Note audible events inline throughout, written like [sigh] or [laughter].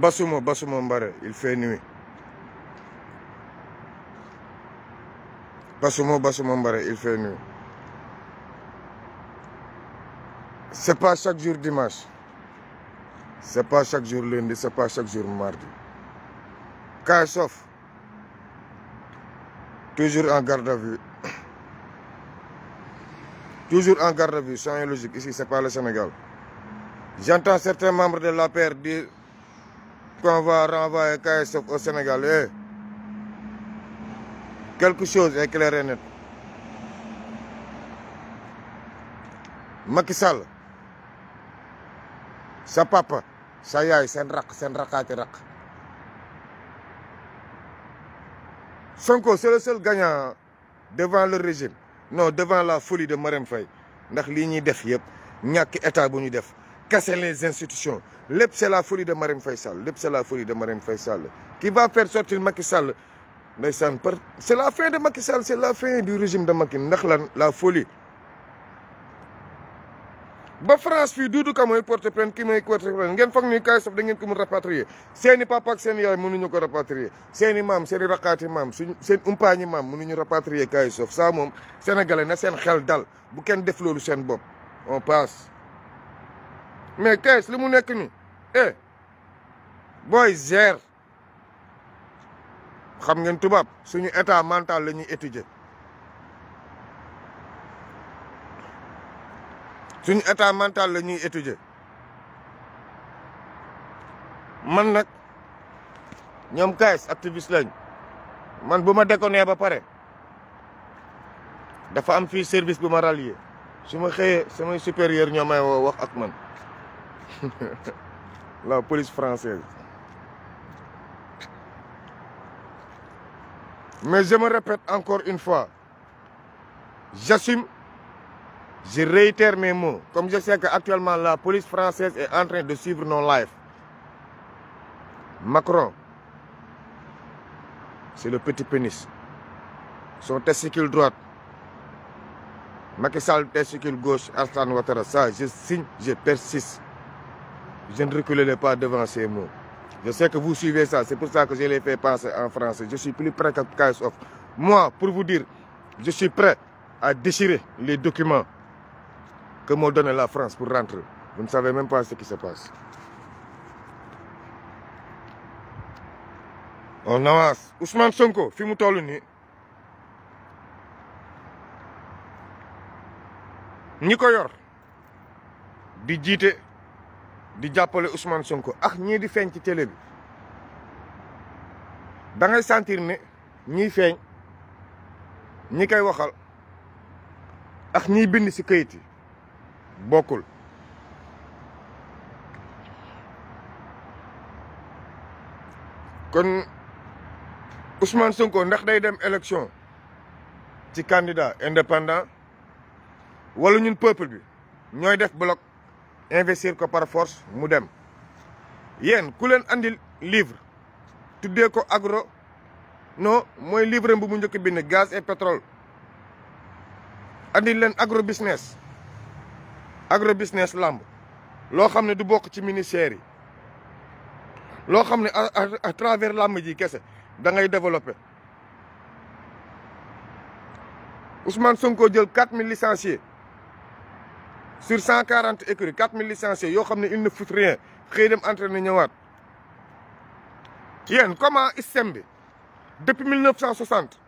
Basuma, Basuma Mbare, il fait nuit. Basuma, Basuma Mbare, il fait nuit. C'est pas chaque jour dimanche. C'est pas chaque jour lundi, c'est pas chaque jour mardi. Kachov, toujours en garde à vue. [coughs] Toujours en garde à vue, sans logique. Ici, c'est pas le Sénégal. J'entends certains membres de l'APR dire qu'on va renvoyer KSF au Sénégal eh quelque chose est clair et net Macky Sall sa papa sa yaay seen raq seen raqaati raq Sonko c'est le seul gagnant devant le régime non devant la folie de Marème Faye ndax lii ñuy def yëpp ñàkk état bu ñu def casser les institutions lépp c'est la folie de Marème Faye Sall lépp c'est la folie de Marème Faye Sall qui va faire sortir Macky Sall ndeysaan par c'est la fin de Macky Sall c'est la fin du régime de Macky ndax lan la folie ba France fii Doudou Ka mooy porte plainte ki mooy porte plainte ngeen foog ni kaay sof da ngeen ko mun rapatrier seeni papa ak seen yaay mënuñu ko rapatrier seeni maam seeni raqaati maam suñ seen umpaañi maam mënuñu rapatrier kaay sof saa moom sénégalais na seen xel dal bu kenn def loolu seen bopp on passe mais kees li mu nekk nii eh booy gère xam ngeen tubaab suñu état mental la ñuy étudier suñu état mental la ñuy étudier man nag ñoom kaes activiste lañ man bu ma déconné ba pare dafa am fii service bu ma rallier su ma xëyee samay supérieur ñoo may woo wax ak man la police française. Mais je me encore une fois, j'assume, je réitère mes mots. Comme je sais qu'actuellement la police française est en de suivre nos lives. Macron, c'est le petit pénis. Son testicule droite. Macky Sall, testicule gauche, Arsène Ouattara, ça, je signe, je persiste. Je ne reculerai pas devant ces mots. Je sais que vous suivez ça, c'est pour ça que je les fais penser en français. Je suis plus prêt que KSOF. Moi, pour vous dire, je suis prêt à déchirer les documents que m'a donné la France pour rentrer. Vous ne savez même pas ce qui se passe. On Sonko, fi mu toll nii ñi ko yor di jiite di jàppale Ousmane Sonko ak ñii di feeñ ci télé bi da ngay sentir ne ñiy feeñ ñi koy waxal ak ñiy bind si kayit yi bokkul. kon Ousmane Sonko ndax day dem élection ci candidat indépendant wala ñun peuple bi ñooy def bloc. investir ko par force mu dem yéen ku leen andil livre tuddee ko agro non mooy livre bu mu njëkk bind gaz et pétrole andil leen agro business agro business lamb loo xam ne du bokk ci ministère yi loo xam ne à travers lamb ji kese da ngay développé Ousmane Sonko jël quatre mille licenciés sur cent quarante écuries quatre mille licenciés yoo xam ne il ne fout rien xëy dem entraîné ñëwaat yéen comment système bi depuis mille neuf cent soixante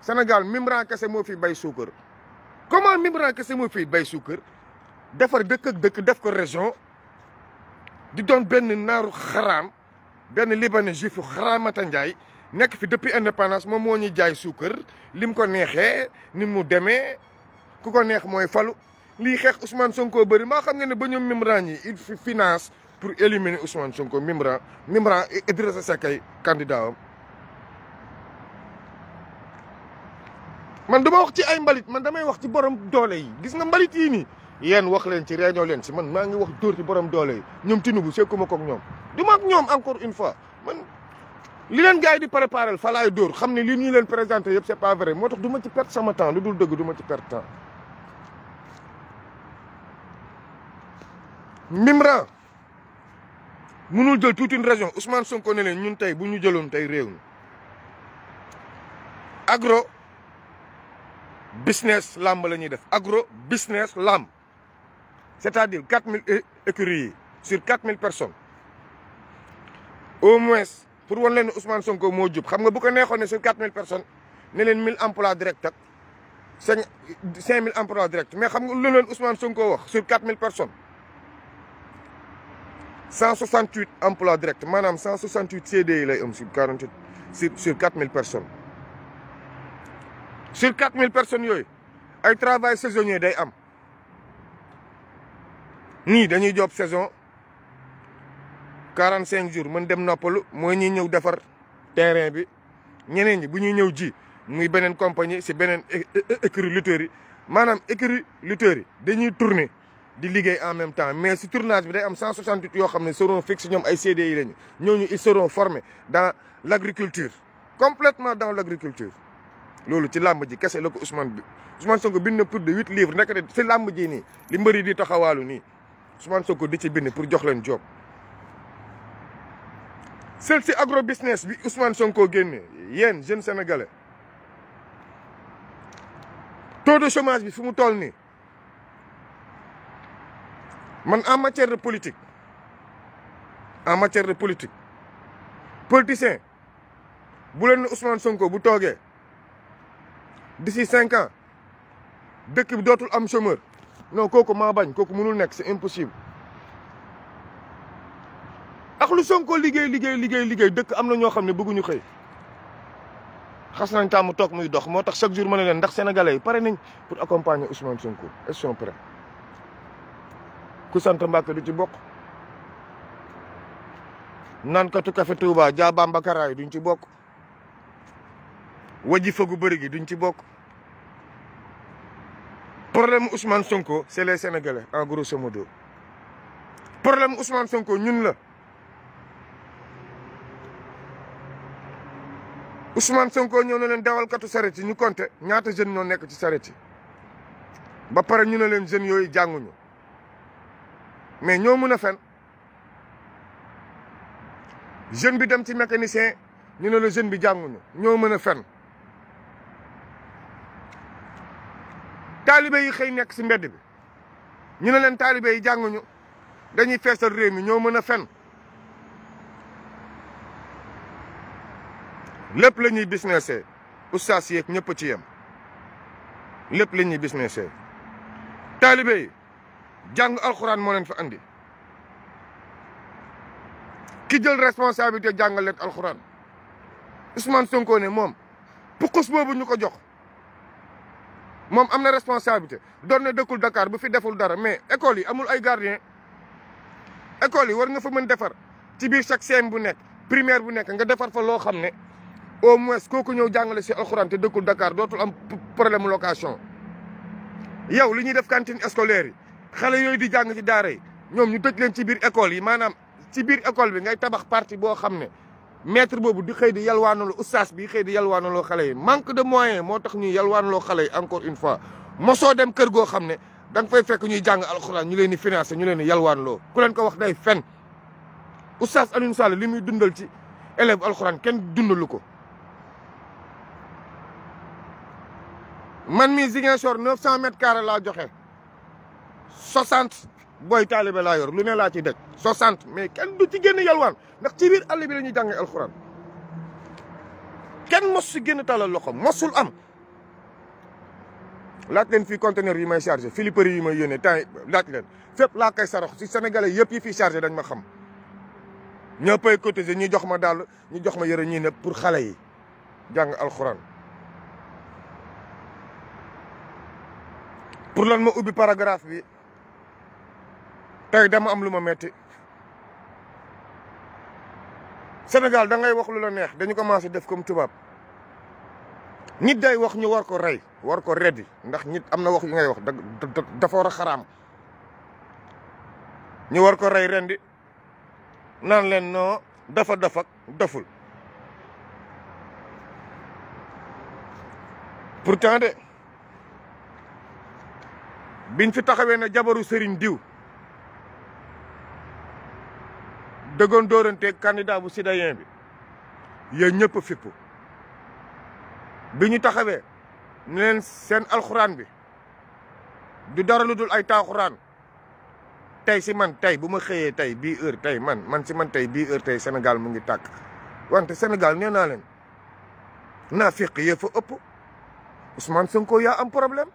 Sénégal Mimran kese moo fi bay suukar comment Mimran kese moo fi bay suukar defar dëkk ak dëkk def ko région di doon benn naaru xaraam benn libanais juif yu xaraamata njaay nekk fi depuis indépendance moom moo ñuy jaay suukar lim ko neexe ni mu demee ku ko neex mooy falu lii xeex Ousmane Sonko bari maa xam nga ne ba ñoom Mimran yi il finance pour éliminer Ousmane Sonko Mimran mimra Idrissa a ay candidat am man dama wax ci ay mbalit man damay wax ci borom doole yi gis nga mbalit yi nii yéen wax leen ci réunion leen si man maa ngi wax dóor ci borom doole yi ñoom Tinubu sekkuma koog ñoom du ma ak ñoom encore une fois man li leen gars di préparé fa laay dóor xam ne li ñu leen présenté yëpp c'est pas moo tax duma ci perte sama temps lu dul dëgg du ci perte Mimran mënul jël toute une région Ousmane Sonko ne leen ñun tey bu ñu jëloon tey réew mi agro business làmb la ñuy def agro business làmb c'est-à-dire quatre yi sur quatre mille personnes au moins pour wan leen Ousmane Sonko moo jub xam nga bu ko neexoon ne sur quatre mille personnes ne leen mille emplois direct ak cinq mille emplois direct mais xam nga lu leen Ousmane Sonko wax sur quatre 168 emplois directs maanaam 168 CDI lay am sur 48 sur sur 4000 personnes sur 4000 personnes yooyu ay travail saisonnier day am nii dañuy job saison 45 jours mën dem noppalu mooy ñuy ñëw defar terrain bi ñeneen ñi bu ñuy ñëw ji muy beneen compagnie si beneen écurie lutteurs yi maanaam écurie lutteurs yi dañuy tourner. di liggéey en même temps mais si tournage bi day am 168 yoo xam ne seront fixes ñoom ay CDI lañu ñooñu ils seront formés dans l' agriculture complètement dans l' agriculture loolu ci làmb ji kese la ko Ousmane bi Ousmane Sonko bind na pour de huit livres nekk de si làmb ji nii li mbëri di taxawaalu nii Ousmane Sonko di ci bind pour jox leen job seul si agro business bi Ousmane Sonko génne yéen jeune sénégalais taux de chômage bi fu mu toll nii. man en matière de politique en matière de politique politicien bu leen ne Ousmane Sonko bu toogee d'ici cinq ans dëkk bi dootul am chômeur non kooku maa bañ kooku mënul nekk c'est impossible ak lu Sonko liggéey liggéey liggéey liggéey dëkk am na ñoo xam ne bëgguñu xëy xas nañ tàmm toog muy dox moo tax chaque jour ma ne leen ndax sénégalais pare nañ pour accompagner Ousmane Sonko ils sont prêts ku sant Mbàkke du ci bokk nankatu café Touba jaa Bamba Karaay duñ ci bokk wajifa gu bëri gi duñ ci bokk problème Ousmane Sonko c'est les Sénégalais en grosso modo problème Ousmane Sonko ñun la Ousmane Sonko ñëw na leen dawalkatu saret yi ñu compté ñaata jeunes ñoo nekk ci saret yi ba pare ñu ne leen jeunes yooyu jànguñu mais ñoo mën a fen jeune bi dem ci mécanicien ñu ne la jeune bi jànguñu ñoo mën a fen taalibe yi xëy nekk si mbedd ñu ne leen taalibe yi jànguñu dañuy feesal réew mi ñoo mën a fen lépp lañuy ñuy businessé oustaz yeeg ñëpp ci yem lépp la ñuy businessé taalibe yi jàng alxuraan moo leen fa andi ki jël responsabilité jàngal alxuraan Ousmane Sonko ne moom pukus boobu ñu ko jox moom am na responsabilité doon na dëkkul dakaar bu fi deful dara mais école yi amul ay gardien école yi war nga fa mën defar ci biir chaque bu nekk primaire bu nekk nga defar fa loo xam ne au moins kooku ñëw jàngale si alxuraan te dëkkul dakaar dootul am problème location yow li ñuy def cantine scolaire yi. xale yooyu di jàng ci daara ñoom ñu tëj leen ci biir école yi maanaam ci biir école bi ngay tabax parti boo xam ne metre boobu di xëy di yalwaanaloo oustaz bi xëy di yalwaanaloo xale yi manque de moyen moo tax ñuy yalwaanaloo xale yi encore une fois mosoo dem kër goo xam ne danga nga fay fekk ñuy jàng alxuraan ñu leen di financé ñu leen di yalwaanaloo ku leen ko wax day fen oustaz Alioune Sall li muy dundal ci élève alxuraan kenn dundalu ko man mii Ziguinchor 900 mètres carrés laa joxe soixante booy taalibe laa yor lu ne laa ci daj soixante mais kenn du ci génn yalwaan ndax ci biir àll bi la ñuy jàngee alxuraan kenn mos si génn talal loxo mosul am laaj leen fii conteneur yi may chargé filipari yi may yónnee temps laaj leen fépp laa koy sarox si sénégalais yëpp yi fi chargé dañ ma xam ñoo pay cotiser ñi jox ma daal ñu jox ma yëre ñii ne pour xale yi jàng alxuraan pour lan ma ubbi paragraphe bi tey dama am lu ma metti Sénégal da ngay wax lu la neex dañu commencé def comme tubaab nit day wax ñu war ko rey war ko reddi ndax ñit am na wax yu ngay wax dafa war a xaraam ñu war ko rey rendi naan leen noo dafa dafak daful pourtant de biñ fi taxawee ne jabaru sëriñ diw dëggoon dóoranteeg candidat bu citoyen bi yéen ñëpp fippu bi ñu taxawee ne seen alxuraan bi du dara lu dul ay taaxuraan tey si man tey bu ma xëyee tey bii heure tey man man si man tey bii heure tey Sénégal mu ngi tàkk wante Sénégal nee naa leen naa fiq yee fa ëpp Ousmane Sonko yaa am problème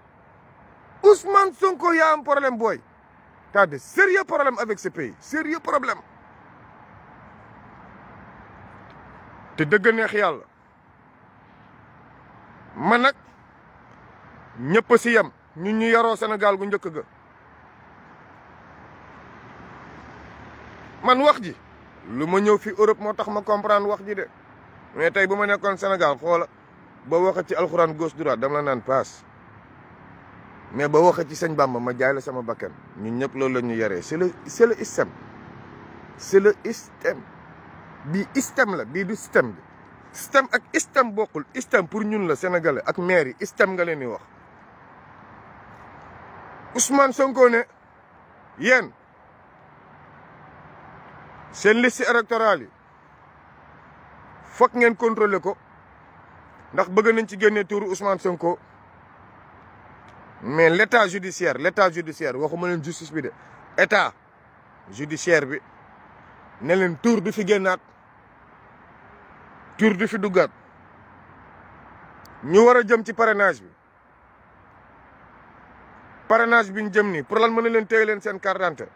Ousmane Sonko yaa am problème booy t'as de sérieux problème avec ce pays sérieux problème te dëgg neex yàlla man nag ñëpp si yem ñu ñu yaroo Sénégal gu njëkk ga man wax ji lu ma ñëw fi Europe moo tax ma comprendre wax ji de mais tey bu ma nekkoon Sénégal xoola ba waxee ci alxuraan gos droite dama la naan paas mais ba waxee ci sëñ Bamba ma jaay la sama bakkan ñun ñëpp loolu la ñu yaree c'est le c'est le c'est le système bi système la bii du système bi système ak système bokkul système pour ñun la sénégalais ak maire yi nga leen di wax Ousmane Sonko ne yéen seen liste électorale yi foog ngeen contrôler ko ndax bëgg nañ ci génne tuuru Ousmane Sonko mais l' état judiciaire l' état judiciaire waxuma leen justice bi de état judiciaire bi ne leen tuur bi fi génnaat tur du fi duggaat ñu war a jëm ci parenage bi parenage bi ñu jëm nii pour lan mën na leen téye leen seen carte d'identité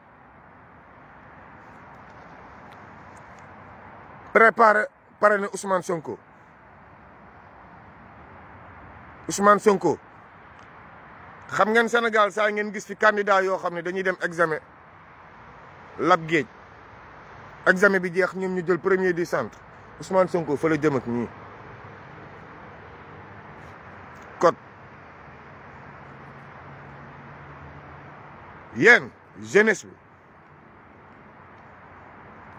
préparé parrainé Ousmane Sonko Ousmane xam ngeen senegal saa ngeen gis fi candidat yoo xam ne dañuy dem examen lab géej examen bi jeex ñoom ñu jël premier di centre Ousmane Sonko fala la jëm ak yenn kon bi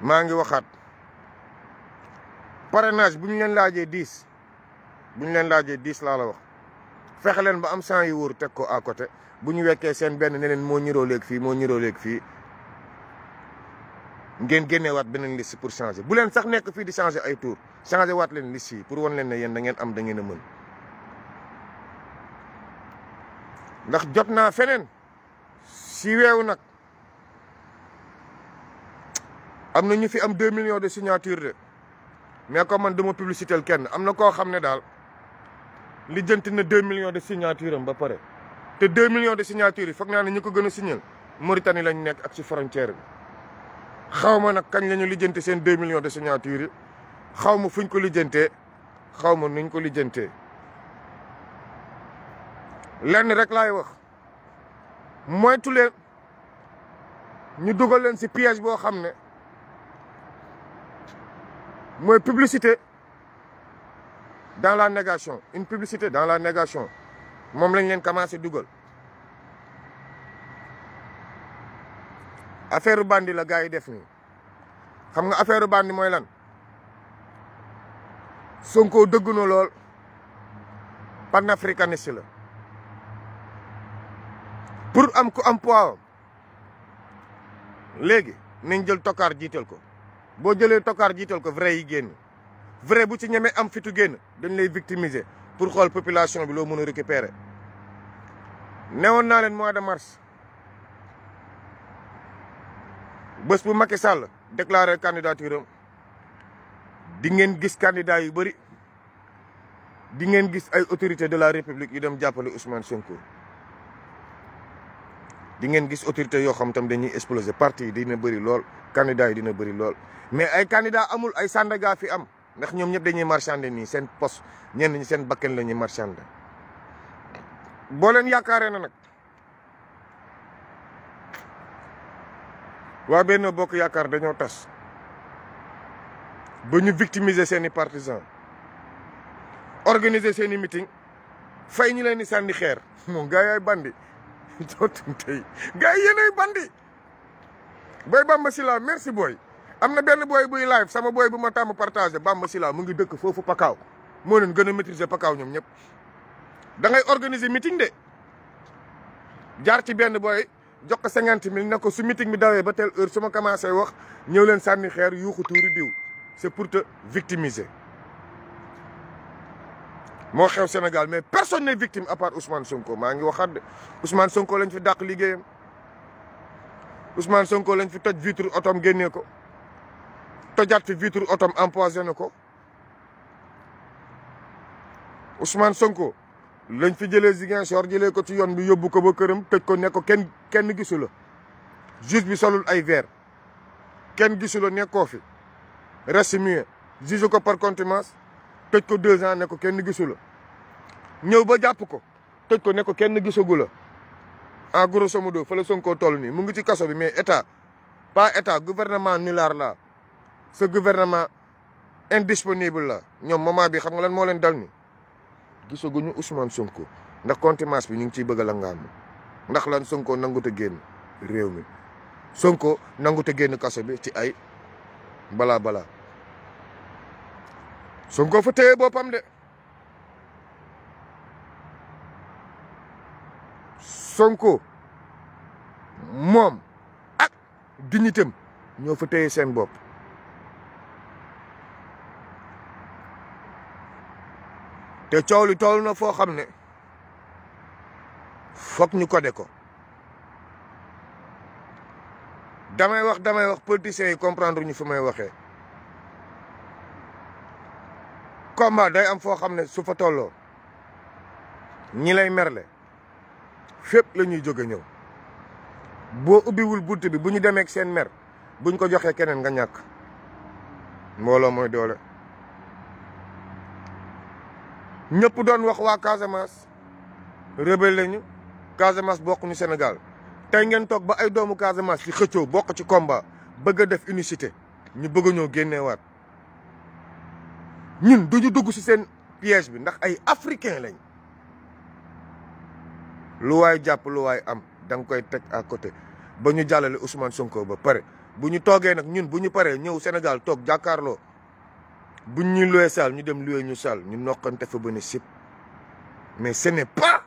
maa ngi waxaat parrainage bu ñu leen laajee dix bu ñu leen laajee dix laa la wax fexe leen ba am sang yu wóor teg ko à côté bu ñu wekkee seen benn ne moo ñiroo léeg fii moo ñiroo léeg fii ngeen génnee waat beneen liste pour changer bu leen sax nekk fii di changer ay tour changer waat leen liste yi pour wan leen ne yéen da ngeen am da ngeen a mën ndax jot naa feneen si weewu nag am na ñu fi am deux millions de signature de mais comme man duma publicitéel kenn am na koo xam ne daal li jënt na deux millions de signature am ba pare te deux millions de signature yi foog naa ne ñu ko gën a signal Mauritanie lañ nekk ak ci frontière xaw ma nag kañ lañu ñu lijjante seen deux millions de signature yi xaw ma fuñ ko lijjantee xaw ma nuñ ko lijjantee lenn rek laay wax moytu leen ñu dugal leen si piège boo xam ne mooy publicité dans la négation une publicité dans la négation moom lañ leen commencé dugal affaire bandi la gars yi def nii xam nga affaire bandi mooy lan Sonko dëgg na lool panafricaniste la pour am ku am poids léegi nañ jël tokkaar jiital ko boo jëlee tokkaar jiital ko vrai yi génn vrai bu ci ñemee am fitu génn dañ lay victimiser pour xool population bi loo mën a récupérer newoon naa leen mois de mars bës bu Macky Sall déclaré candidature am di ngeen gis candidat yu bëri di ngeen gis ay autorités de la république yu dem jàppale Ousmane Sonko di ngeen gis autorités yoo xam tam dañuy exploser parti yi dina bëri lool candidat yi dina bëri lool mais ay candidat amul ay Sandaga fi am ndax ñoom ñëpp dañuy marchander nii seen post ñenn seen bakken la ñuy marchander boo leen yaakaaree na nag waa benn bokk yaakaar dañoo tas ba ñu victimiser seeni partisans organiser seeni meeting fay ñu leen di sànni xeer moom gars yaay bandi jootum [laughs] tey gars yi yéenay bandi booy Bamba Sila merci booy am na benn booy buy live sama booy bu ma tàmm partagé Bamba Sila mu ngi dëkk foofu pakaaw moo leen gën a maîtriser pakaaw ñoom ñëpp da ngay organiser meeting de jaar ci benn booy jox ko cinquante mille ne ko su meeting mi dawee ba tel heure su ma wax ñëw leen sànni xeer yuuxu tuuri diw c'est pour te victimiser. moo xew Sénégal mais personne n'est victime à part Ousmane Sonko maa ngi waxaat de Ousmane Sonko lañ fi dàq liggéeyam Ousmane Sonko lañ fi toj vitre otom génnee ko tojaat fi vitre otom empoisonné ko Ousmane Sonko. lañ fi jëlee Ziguinchor jëlee ko ci yoon bi yóbbu ko ba këram tëj ko ne ko kenn kenn gisu la juge bi solul ay verre kenn gisu la nekkoo fi reste muet juge ko par contumace tëj ko deux ans ne ko kenn gisu ñëw ba jàpp ko tëj ko ne ko kenn gisagu la en grosso modo fa la Sonko toll nii mu ngi ci kaso bi mais état pas état gouvernement nulaar la ce gouvernement indisponible la ñoom moment bi xam nga lan moo leen dal ni gisaguñu Ousmane Sonko ndax contumace bi ñu ngi ciy bëgg a ndax lan Sonko nangut a génn réew mi Sonko nangut a génn kaso bi ci ay balaa bala Sonko fa téye boppam de Sonko moom ak dignitéem ñoo fa téye seen bopp. te coow li toll na foo xam ne foog ñu codé ko damay wax damay wax politiciens yi comprendre ñu fi may waxee combat day am foo xam ne su fa tolloo ñi lay mer merle fépp la ñuy jóge ñëw boo ubbiwul bunt bi bu ñu demee ak seen mer buñ ko joxee keneen nga ñàkk mbooloo mooy doole ñëpp doon wax waa Casamance rebelle lañu Casamance bokkuñu Sénégal tey ngeen toog ba ay doomu Casamance ci xëccoo bokk ci komba bëgg a def unicité ñu bëgg ñoo génneewaat ñun duñu dugg ci seen piège bi ndax ay africain lañ lu waay jàpp lu waay am da koy teg à côté ba ñu jàllale Ousmane Sonko ba pare bu ñu toogee nag ñun bu ñu paree ñëw Sénégal toog jàkkaarloo buñ ñu loué salle ñu dem loué ñu salle ñu noqante fa ba ne sip mais ce n'est pas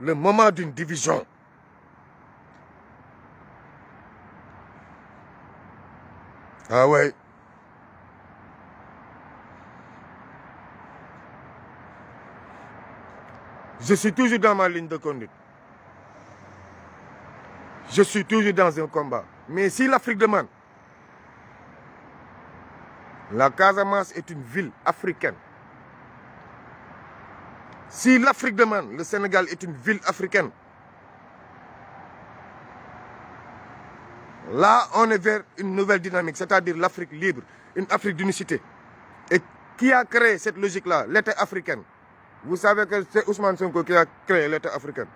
le moment d'une division ah ouais je suis toujours dans ma ligne de conduite je suis toujours dans un combat mais si l'Afrique demande La Casamance est une ville africaine. Si l'Afrique demande, le Sénégal est une ville africaine. Là, on est une nouvelle dynamique, c'est-à-dire l'Afrique libre, une Afrique d'unicité. Et qui a créé cette logique-là L'État africaine. Vous savez que c'est Ousmane Sonko qui a créé l'État africain.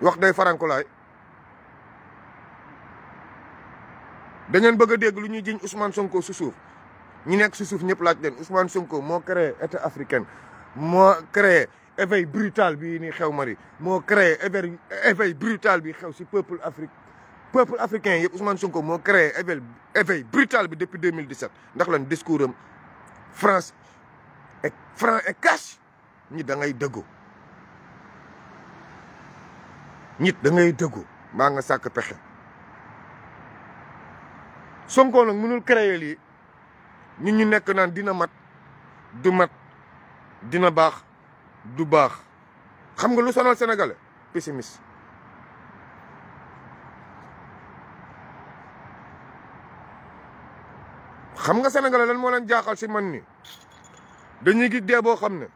wax day faranku laay da ngeen bëgg a dégg ñuy jiñ Ousmane Sonko su suuf ñi nekk su suuf ñëpp laaj leen Ousmane Sonko moo créé état africain moo créé éveil brutal bii nii xew Mali moo créé éveil éveil brutal bi xew si peuple Afrique peuple africain yëpp Ousmane Sonko moo créé éveil éveil brutal bi depuis 2017 ndax lan discours am France et franc et cash ñi dangay ngay dëggu ñit da ngay dëggu maa nga sàkk pexe Sonko nag mënul créer lii ñun ñu nekk naan dina mat du mat dina baax du baax xam nga lu sonal sénégalais pessimiste. xam nga sénégalais lan moo leen jaaxal si man ni dañuy gi dee boo xam ne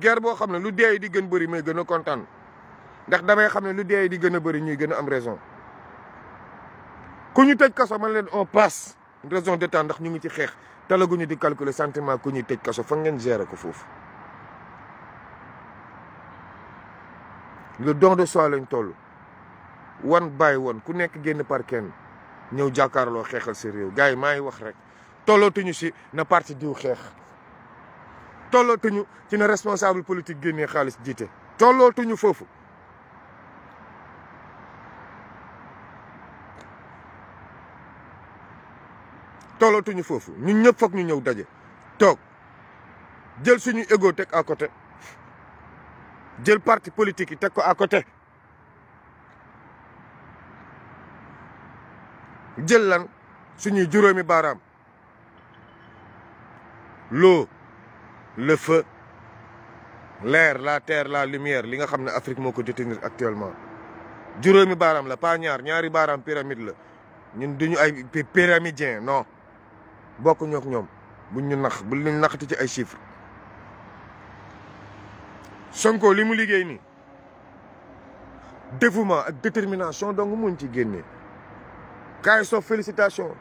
guerre boo xam ne lu dee yi di gën bëri may gën a kontaan ndax damay xam ne lu dee yi di gën a bëri ñuy gën a am raison. ku ñu tëj kaso man leen on passe raison d'état ndax ñu ngi ci xeex talaguñu di calculer sentiment ku ñuy tëj kaso fa ngeen gérer ko foofu. le don de soi lañ toll wan bàyyi woon ku nekk génn par kenn ñëw jàkkaarloo xeexal si réew gars yi maa ngi wax rek tollootuñu si na parti diw xeex tollootuñu ci na responsable politique génnee xaalis jiite tollootuñu foofu. toolatuñu foofu ñu ñëpp foog ñu ñëw daje toog jël suñu égo teg à côté jël parti politique yi teg ko à côté jël lan suñuy juróomi baram l'eau le feu l'air la terre la lumier li nga xam ne Afrique moo ko détenir actuellement juróomi baaraam la pas ñaar ñaari baaraam pyramide la ñun duñu ay pyramidien non bokk ñook ñoom buñ ñu nax bu ñu naxati ci ay chiffres Sonko li mu liggéey nii dévouement ak détermination donc muñ ci génnee kaay so félicitation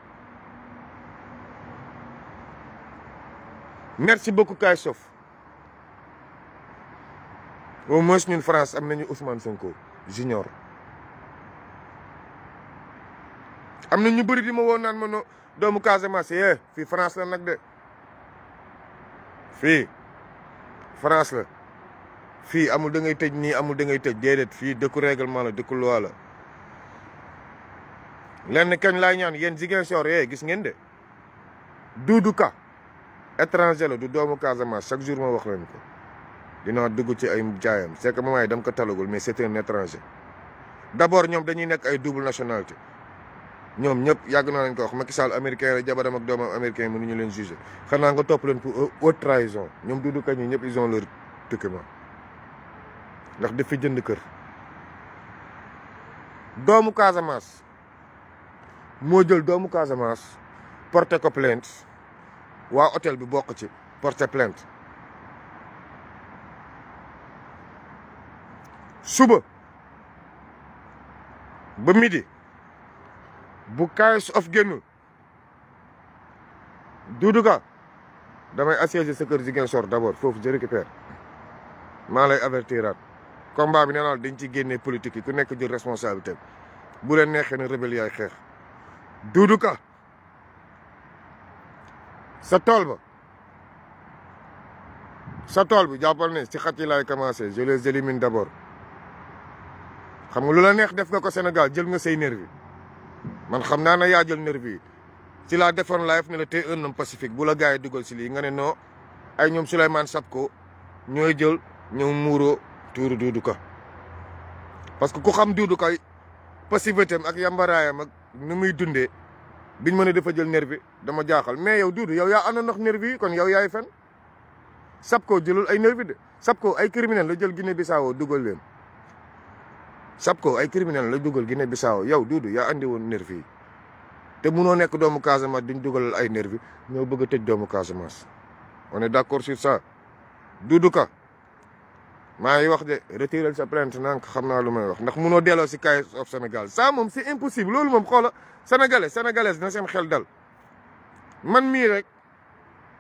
merci beaucoup kaay sof au moins ñun France am nañu Ousmane Sonko junior am na ñu bëri di ma woo naan ma no doomu Casamance yee eh, fii France la nag de fii France la fii amul da ngay tëj nii amul da ngay tëj déedéet fii dëkku règlement la dëkku loi la lenn kañ laay ñaan yéen Ziguinchor yee eh, gis ngeen de Doudou Ka étranger la du doomu Casamance chaque jour ma wax leen ko dinaa dugg ci ay jaayam c'est que moment yi dama ko talagul mais c'est un étranger d'abord ñoom dañuy nekk ay double nationalité ñoom ñëpp yàgg na leen ko wax Macky Sall américain la jabaram ak doomam américain mënuñu leen jugé xanaa nga topp leen pour haute trahison ñoom Doudou Ka ñi ñëpp ils ont leur document ndax daf fi jënd kër. doomu Casamance moo jël doomu Casamance porté ko plainte waa hôtel bi bokk ci porté plainte suba ba midi. bu Kayz of génn Doudou damay assiéger sa kër Ziguinchor d'abord foofu jër je récupère maa lay avertiraat combat bi nee naa dañ ci génnee politique yi ku nekk jël responsabilité bu leen neexee ne rebelle yaay xeex Doudou Ka sa tool ba sa tool bi jàppal ne ci xat yi laay commencé je les élimine d'abord xam nga lu la neex def nga ko Sénégal jël nga say nerf bi man xam naa ne yaa jël nervi yi ci laa defoon live ne la tey un homme pacifique bu la gars yi dugal si lii nga ne non ay ñoom Souleymane ko ñooy jël ñoom muuro tuuru Doudou Ka parce que ku xam Doudou Ka passivité am ak yambaraayam ak nu muy dundee biñ mën a dafa jël nervi dama jaaxal mais yow Doudou yow yaa àndoon ndax nervi yi kon yow yaay fen Sapko jëlul ay nervi de ko ay criminel la jël Guinée Bissau dugal leen. ko ay criminel la dugal Guinée Bissau yow Doudou yaa andi woon nervi yi te munoo nekk doomu Casamance duñ dugal ay nervi yi ñoo bëgg a tëj doomu Casamance one est d' accord sur ça Doudou Ka maa ngi wax de retirer sa plainte naan xam naa lu may wax ndax munoo delloo si cas of Sénégal saa moom si est impossible loolu moom xoola sénégalais sénégalaise na seen xel dal man mii rek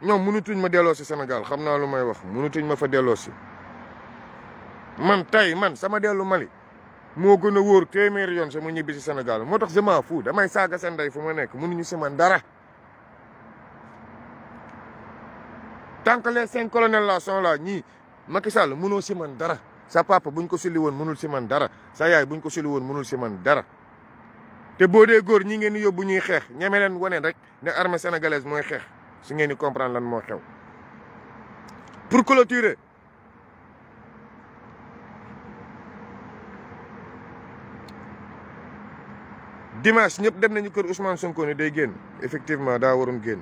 ñoom mënutuñ ma delloo si Sénégal xam naa lu may wax mënutuñ ma fa delloo si man tey man sama dellu Mali moo gën a wóor téeméer yoon sama ñibbi si Sénégal moo tax je m'en fous damay saaga seen ndey fu ma nekk mënuñu si man dara. tant que les cinq colonels là sont là ñii Macky Sall mënoo si man dara sa papa buñ ko suli woon mënul si man dara sa yaay buñ ko suli woon mënul si man dara. te boo dee góor ñi ngeen di yóbbu ñuy xeex ñeme leen wane rek ne armée sénégalaise mooy xeex su ngeen di comprendre lan moo xew pour clôturer. dimanche ñëpp dem nañu kër Ousmane Sonko ni day génn effectivement daa waroon génn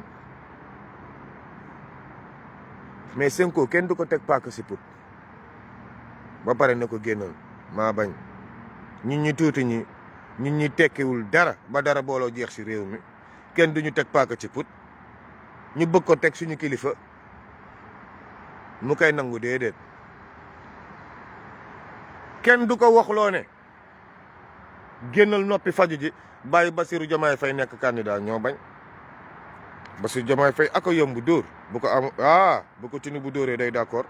mais Sonko kenn du ko teg paaka si put ba pare ne ko génnoon maa bañ ñun ñi tuuti ñi ñun ñi tekkiwul dara ba dara booloo jeex si réew mi kenn du ñu teg paaka ci put ñu bëgg ko teg suñu kilifa mu koy nangu déedéet kenn du ko wax ne génnal noppi faju ji bàyyi Bassirou Diomaye Faye nekk candidat ñoo bañ Bassirou Diomaye Faye ak a yomb dóor bu ko am ah bu ko Tinubu dóoree day d'accord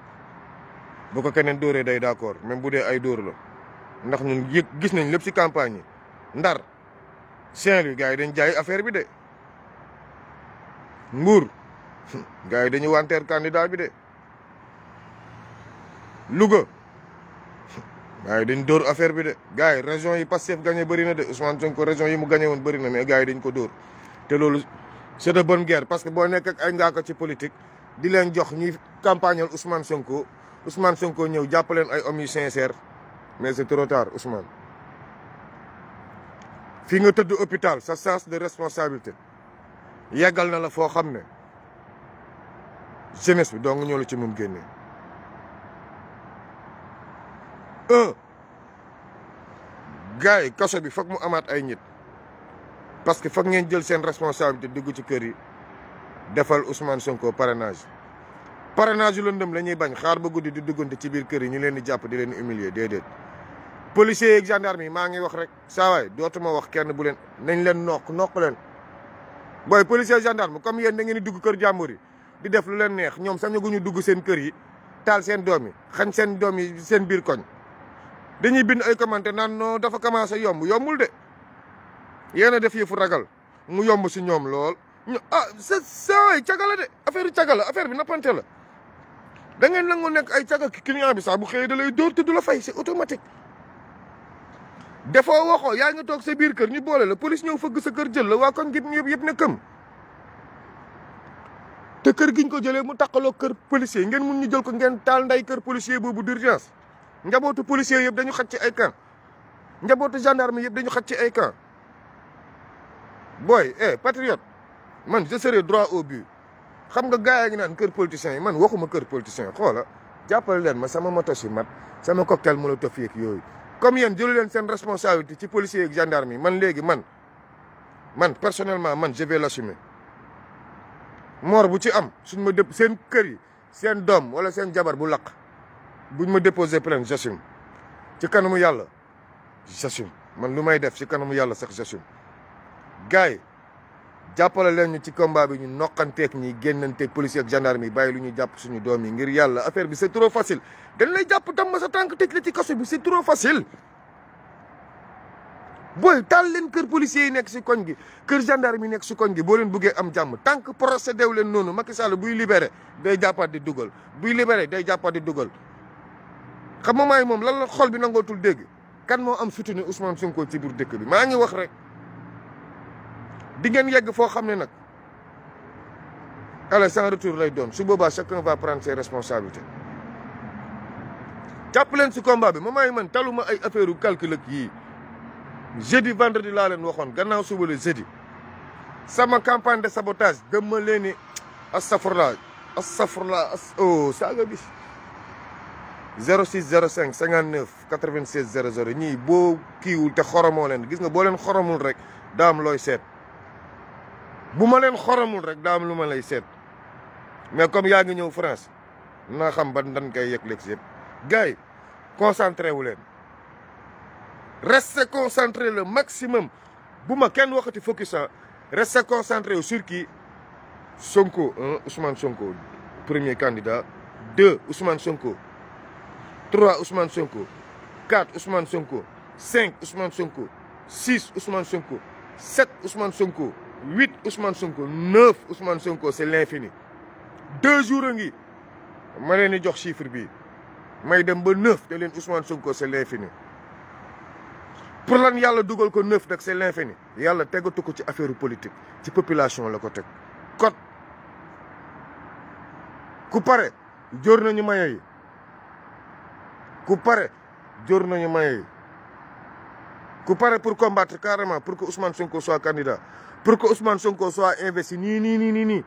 bu ko keneen dóoree day d'accord même bu dee ay dóor ndax ñun gis nañ lépp si campagne yi Ndar Saint-Louis gars yi dañ jaay affaire bi de Mbour [laughs] gars yi dañu wanteer candidat bi de Louga gars yi dañ dóor affaire bi de gars yi région yi Pastef gagné bëri na de Ousmane Sonko région yi mu gagné woon bëri na mais gars yi dañ ko dóor te loolu c'est de bon guerre parce que boo nekk ak ay ngaa ko ci politique di leen jox ñuy campagne al Sonko Ousmane Sonko ñëw jàppaleen ay hommes yu sincère mais c'est trop tard Ousmane fi nga tëdd hôpital sa sens de responsabilité yeggal na la foo xam ne jeunesse bi dong ñoo la ci moom génnee un yi kaso bi foog mu amaat ay nit parce que foog ngeen jël seen responsabilité dugg ci kër yi defal Ousmane Sonko parenage parrainage yu lëndëm la ñuy bañ xaar ba guddi di duggante ci biir kër yi ñu leen di jàpp di leen humilier déedéet. policiers yeeg gendarme yi maa ngi wax rek saa dootuma wax kenn bu leen nañ leen nokk nokk leen booy policier gendarme comme yéen da ngeen di dugg kër jàmbur yi di def lu leen neex ñoom sañaguñu dugg seen kër yi taal seen doom yi xañ seen doom yi seen biir koñ. dañuy bind ay commentaire naan noo dafa commencé yomb yombul de yéen a def yëfu ragal mu yomb si ñoom lool ñu ah c'est ça cagala de affaire cagala affaire bi nappante la da ngeen nangu nekk ay caga ki client bi sax bu xëyee da lay dóor te du la fay si automatique defoo waxoo yaa ngi toog sa biir kër ñi boole la police ñëw fëgg sa kër jël la waa kon gi ñëpp yëpp ne këm te kër giñ ko jëlee mu taqaloo kër policier ngeen mun ñu jël ko ngeen taal nday kër policier boobu d'urgence njabootu policiers yëpp dañu xat ci ay camp njabootu gendarme yëpp dañu xat ci ay camp booy eh patriote man je serai droit au bi xam nga gars yaa ngi naan kër politiciens yi man waxuma kër yi xoola jàppale leen ma sama moto si mat sama cocktail molotov yeeg yooyu comme yéen jëlu leen seen responsabilité ci policiers yeeg gendarme yi man léegi man man personnellement man je vais moor bu ci am suñ ma dëpp seen kër yi seen doom wala seen jabar bu lakk bu ñu ma déposé plainte j'assume ci kanamu yàlla j'assume man lu may def ci kanamu yàlla sax j'assume gars yi jàppale leen ñu ci combat bi ñu noqanteeg ñi génnanteeg policier ak gendarme yi bàyyi lu ñu jàpp suñu doom yi ngir yàlla affaire bi c'est trop facil dañ lay jàpp tam ma sa tànk tëj la ci kaso bi c'est trop facile booy taal leen kër policier yi nekk si koñ gi kër gendarme yi nekk si koñ gi boo leen buggee am jàmm tant que procédé leen noonu Macky Sall buy libéré day jàppaat di dugal buy libéré day jàppaat di dugal xam nga maay moom lan la xol bi nangootul dégg kan moo am soutenu Ousmane Sonko ci biir dëkk bi maa ngi wax rek di ngeen yegg foo xam ne nag allez sans retour lay doon su boobaa chacun va prendre ses responsabilités. jàpp leen si combat bi maman yi man taluma ay affaire yu calcul ak yii jeudi vendredi laa leen waxoon gannaaw suba la jeudi sama campagne de sabotage gëm ma leen ni astafurla astafurla as oh saaga bi. 06 05 59 96 00 ñii boo kiiwul te xoromoo leen gis nga boo leen xoromul rek daam looy seet bu ma leen xoromul rek daam lu ma lay seet mais comme yaa ngi ñëw France naa xam ban dan koy yëg léegi yëpp gars yi concentré wu leen restez concentré le maximum bu ma kenn waxati focus ah restez concentré wu sur qui Sonko un Ousmane Sonko premier candidat deux Ousmane Sonko 3 Ousmane Sonko 4 Ousmane Sonko 5 Ousmane Sonko 6 Ousmane Sonko 7 Ousmane Sonko 8 Ousmane Sonko 9 Ousmane Sonko c'est l'infini deux jours a ngi ma leen di jox chiffre bi may dem ba 9 te leen Ousmane Sonko c'est l'infini pour lan yàlla dugal ko 9 nag c'est l'infini yàlla tegatu ko ci affaire politique ci population la ko teg kon kupare joor jóor nañu mayo yi ku pare jor nañu maye ku pare pour combattre carrément pour que Ousmane Sonko soit candidat pour que Ousmane Sonko soit investi nii nii nii nii nii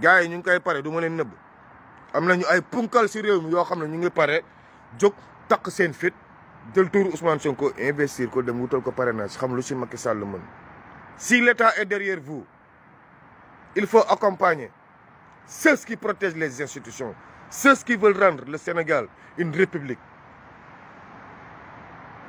gars yi ñu ngi koy pare du ma leen nëbb am nañu ay punkal si réew mi yoo xam ne ñu ngi pare jóg takk seen fit jël tuuru Ousmane Sonko investir ko dem wutal ko parrainage xam lu si Macky Sall mën si l'État est derrière vous il faut accompagner ceux qui protègent les institutions ceux qui veulent rendre le Sénégal une république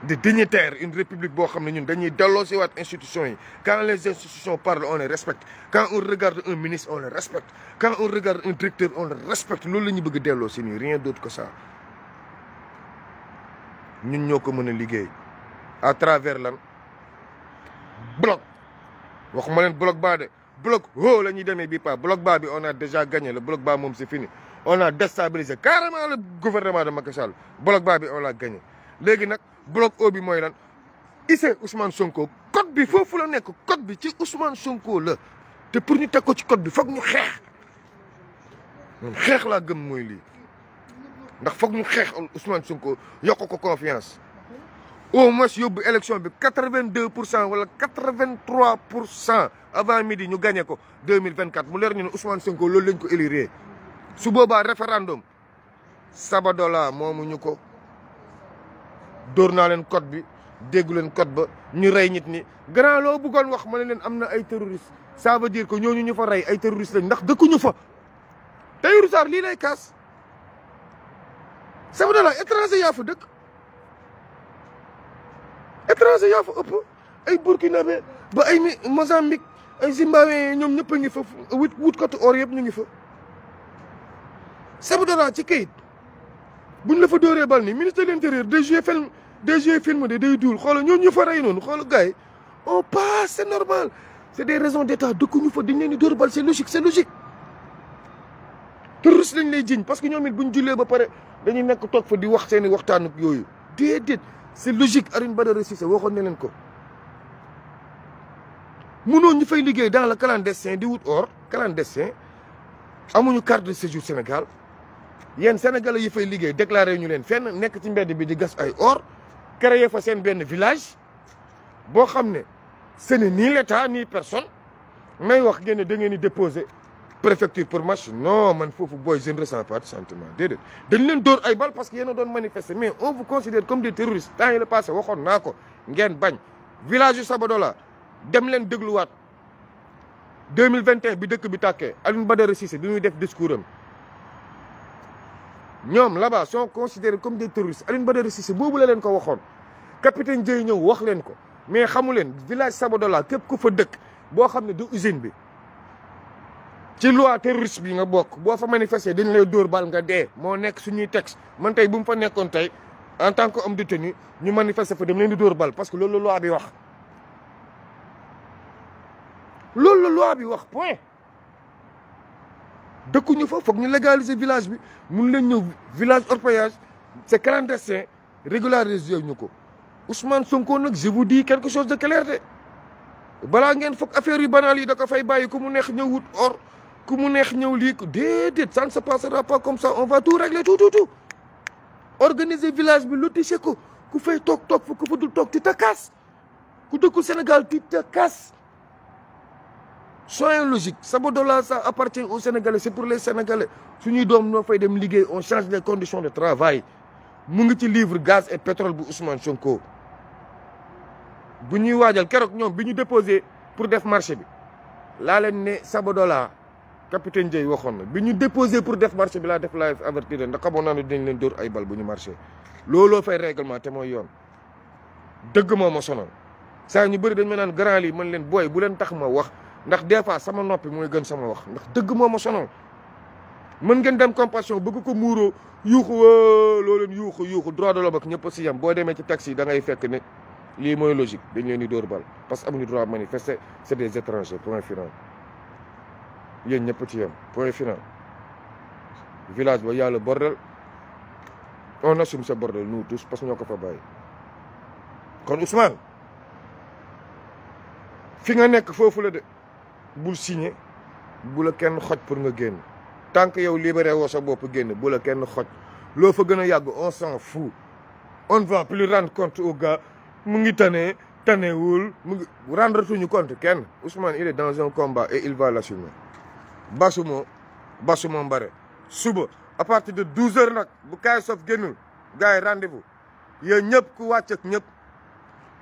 de dignitaires une république boo xam ne ñun dañuy delloosi waat institutions yi quand les institutions parlent on les respecte quand on regarde un ministre on le respecte quand on regarde un directeur on le respecte loolu la ñu bëgg delloo si nii rien d'autre que ça ñun ñoo ko mën a liggéey à travers lan bloc waxuma leen bloc baa de bloc ho oh, la ñuy demee bi pas bloc baa bi on a déjà gagné le bloc baa moom c'est on a déstabilisé carrément le gouvernement de Macky Sall bloc bas bi on l'a gagné léegi nag bloc haut bi mooy lan ise Ousmane Sonko code bi foofu la nekk code bi ci Ousmane Sonko la te pour ñu teg ko ci code bi foog ñu xeex moom xeex laa gëm mooy lii ndax foog ñu xeex Ousmane Sonko yokk ko confiance au moins yóbbu élection bi quatre vingt deux pour cent wala quatre vingt trois pour cent avant midi ñu gagné ko deux mille vingt quatre mu leer ñu ne Ousmane Sonko loolu lañ ko éliré. su boobaa référendum Sabadola moomuñu ko dóor naa leen code bi déggu leen code ba ñu rey nit ni grand loo buggoon wax ma ne leen am na ay terroristes ça veut dire que ñooñu ñu fa rey ay terroristes lañ ndax dëkkuñu fa Tahirou Sarr lii lay kaas Sabadola étranger yaa fa dëkk étranger yaa fa ëpp ay burkinabé ba ay mi Mozambique ay Zimbabwe ñoom ñëpp a ngi fa wut wutkatu or yëpp ñu ngi fa Sabodala ci kayit bu ñu fa dooree bal ni ministre de l' intérieur day joué film day joué film de day duul xoolal ñooñu ñu fa rey noonu xool gars yi on oh, passe c' est normal c' est des raisons d' état dëkkuñu fa di dóor bal c' est logique c' est logique. lañ lay jiñ parce que ñoom bu ñu julee ba pare dañu nekk toog fa di wax seen i waxtaan ak yooyu déedéet c' est logique Alioune Badara Cissé waxoon na leen ko. mënoon ñu fay liggéey dans le clandestin di wut or clandestin amuñu carte de séjour Sénégal. yéen sénégalais yi fay liggéey déclaré ñu leen fenn nekk ci mbedd bi di gas ay or créé fa seen benn village boo xam ne ce n'est ni l'État ni personne may wax ngeen ne da ngeen di déposer préfecture pour marche non man foofu booy je ne ressens pas de sentiment déedéet dañ leen dóor ay bal parce que yéen a doon manifester mais on vous considère comme des terroristes temps yi la passé waxoon naa ko ngeen bañ village yu Sabadola dem leen dégluwaat 2021 bi dëkk bi tàkkee Alioune Badara Cissé bi muy def discours am ñoom là-bas sont considérés comme des terroristes Alioune Badara Cissé boobu la leen ko waxoon capitaine Dieye ñëw wax leen ko mais xamu leen village Sabadola képp ku fa dëkk boo xam ne du usine bi ci loi terroriste bi nga bokk boo fa manifester dañ lay dóor bal nga dee moo nekk suñuy texte man tey bu mu fa nekkoon tey en tant que homme de tenue ñu manifester fa dem leen di dóor bal parce que loolu la loi bi wax loolu la bi wax point dëkkuñu fa foog ñu légaliser village bi mun leen ñëw village orpaillage c'est clandestin régulariser ñu ko Ousmane Sonko nag je vous dis quelque chose de clair de balaa ngeen foog affaire yu banal yi da ko fay bàyyi ku mu neex ñëw wut or ku mu neex ñëw lii ko déedéet ça ne se passera pas comme ça on va tout régler tout tout organiser village bi lotisser ko ku fay toog toog fa ku fa dul toog ti ta kaas ku dëkkul Sénégal ti ta kaas soyons logiques Sabodala ça appartient au sénégale c'est pour les Sénégalais suñuy doom ñoo fay dem liggéey on change les conditions de travail mu ngi ci livre gaz et pétrole bu Ousmane ko bu ñuy waajal keroog ñoom bi ñu déposé pour def marché bi laa leen ne Sabodala capitaine Dieye waxoon na bi ñu déposé pour def marché bi laa def live avertir leen ndax xamoon naa ne dinañ leen dóor ay bal bu ñu marché looloo fay règlement te mooy yoon dëgg moo ma sonal saa ñu bëri dañ ma naan grand lii leen booy bu leen tax ma wax ndax des fois sama noppi mooy gën sama wax ndax dëgg moo ma sonal mën ngeen dem compassion bëgg ko muuroo yuuxu loo leen yuuxu yuuxu droit de l'homme ak ñëpp si yam boo demee ci taxi da ngay fekk ne lii mooy logique dañ leen di dóor bal parce que amuñu droit manifester c'est des étrangers point final yéen ñëpp ci yam point final village ba yàlla bordel on assume ce bordel nous tous parce que ñoo ko fa bàyyi kon Ousmane fi nga nekk foofu la de bul signé bu kenn xoj pour nga génn tant que yow libéré woo sa bopp génn bula kenn xoj loo fa gën a yàgg on s'en fout on ne va plus rendre compte au mu ngi tane tanewul mu ngi rendre compte kenn Ousmane il e dans un combat et il va l'assumer basumo basumo mbare suba à partir de douze heures nag bu kaay sof génn gars yi rendez-vous ñëpp ku wàcc ak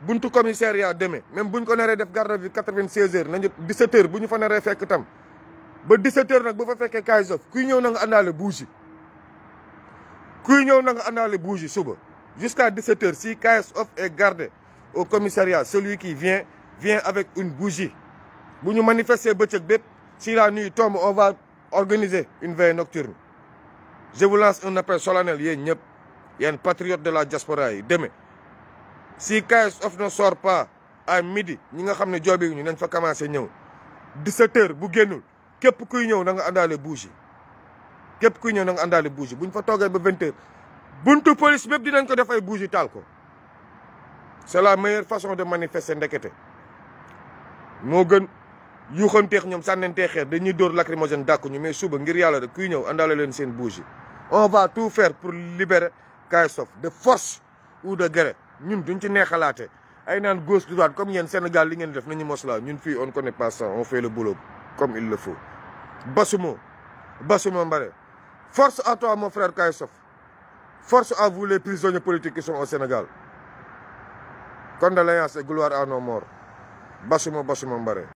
buntu commissariat demee même buñ ko naree def garde à vue quatre-vingt-seize heures nañu 17 heures bu ñu fa naree fekk tam ba 17 nag bu fa fekkee kaay sof ku ñëw na nga àndaale bougie kuy ñëw na nga àndaale bougie suba jusqu'à 17 heures si kaay sof est gardé au commissariat celui qui vient vient avec une bougie bu ñu manifester bëccëg bépp si la nuit tombe on va organiser une veille nocturne je vous lance un appel solennel yéen ñëpp yéen patriotes de la diaspora yi demee si caisse of ne sort pas à midi ñi nga xam ne joobi ñu nañ fa commencé ñëw 17h bu génnul képp kuy ñëw na nga àndaale yi képp kuy ñëw na àndaale àndaale bougie buñ fa toogee ba 20h buntu police bépp dinañ ko def ay bougie taal ko c'est la meilleure façon de manifester ndekete moo gën yuuxanteex ñoom sànnantee xeer dañuy dóor lacrymogène dàkku ñu mais suba ngir yàlla rek kuy ñëw àndaale leen seen bougie on va tout faire pour libérer Kayz Fof de force ou de gré ñun duñ ci neexalaate ay naan gos gauche droite comme yéen Sénégal li ngeen def nañu moslaa ñun fii on connaît pas ça on fait le boulot comme il le faut. Basuma Basuma Mbare force à toi mon frère Kaysof force à vous les prisonniers politiques qui sont au Sénégal condoléances et gloire à nos morts Basuma Mbare.